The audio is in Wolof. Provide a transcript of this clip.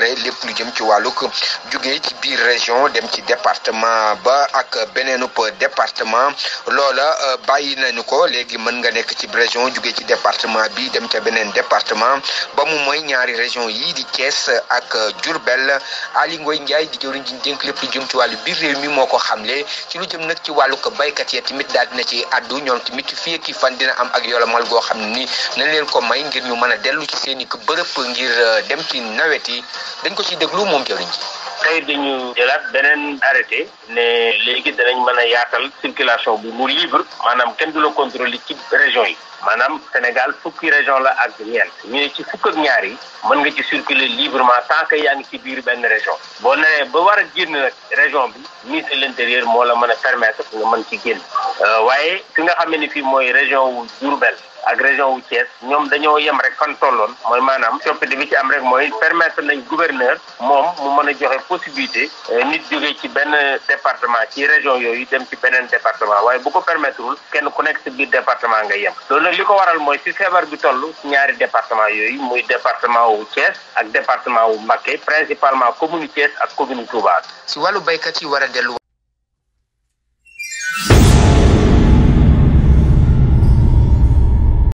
tere lépp lu jëm ci wàllug jugee ci biir région dem ci département ba ak beneenub département loola euh, bàyyi nañu ko léegi mën nga nekk ci région jugee ci département bi dem ca beneen département ba mu mooy ñaari région yi di cees ak Diourbel Aly Ngoye njaay di jëwriñ ji dénk lépp lu jëm ci wàllu biir réew mi moo ko xamle ci lu jëm nag ci wàllu ko baykat ya tamit daal ci àddu ñoom tamit fii ak fan dina am ak yolamal goo xam ni na leen ko may ngir ñu mën a dellu ci seen i bërëb ngir euh, dem ci nawet yi dañ ko ci déglu moom jëriñ ci tey dañu jëlaat beneen arrêté ne léegi danañ mën a yaatal circulation bu mu libre maanaam kenn du la contrôler ci région yi maanaam Sénégal fukki région la ak ñeent ñu ne ci fukk ak ñaar yi mën nga ci circuler librement tant que yaa ngi ci biir benn région boo nee ba war a génn région bi ministre de l'intérieur moo la mën a permettre nga mën ci génn Euh, waaye ki nga xam ne fii mooy région wu Diourbel ak région wu Thiès ñoom dañoo yem rek fan tolloon mooy maanaam coppite bi ci am rek mooy permettre nañ gouverneur moom mu mën a joxe possibilité euh, nit jógee ci benn département ci région yooyu dem ci beneen département waaye bu ko permettrewul kenn ku nekk si biir département nga yem loolu nag li ko waral mooy si feebar bi toll ñaari département yooyu muy département wu Thiès ak département wu Mbacké principalement commune Thiès ak commune Touba. si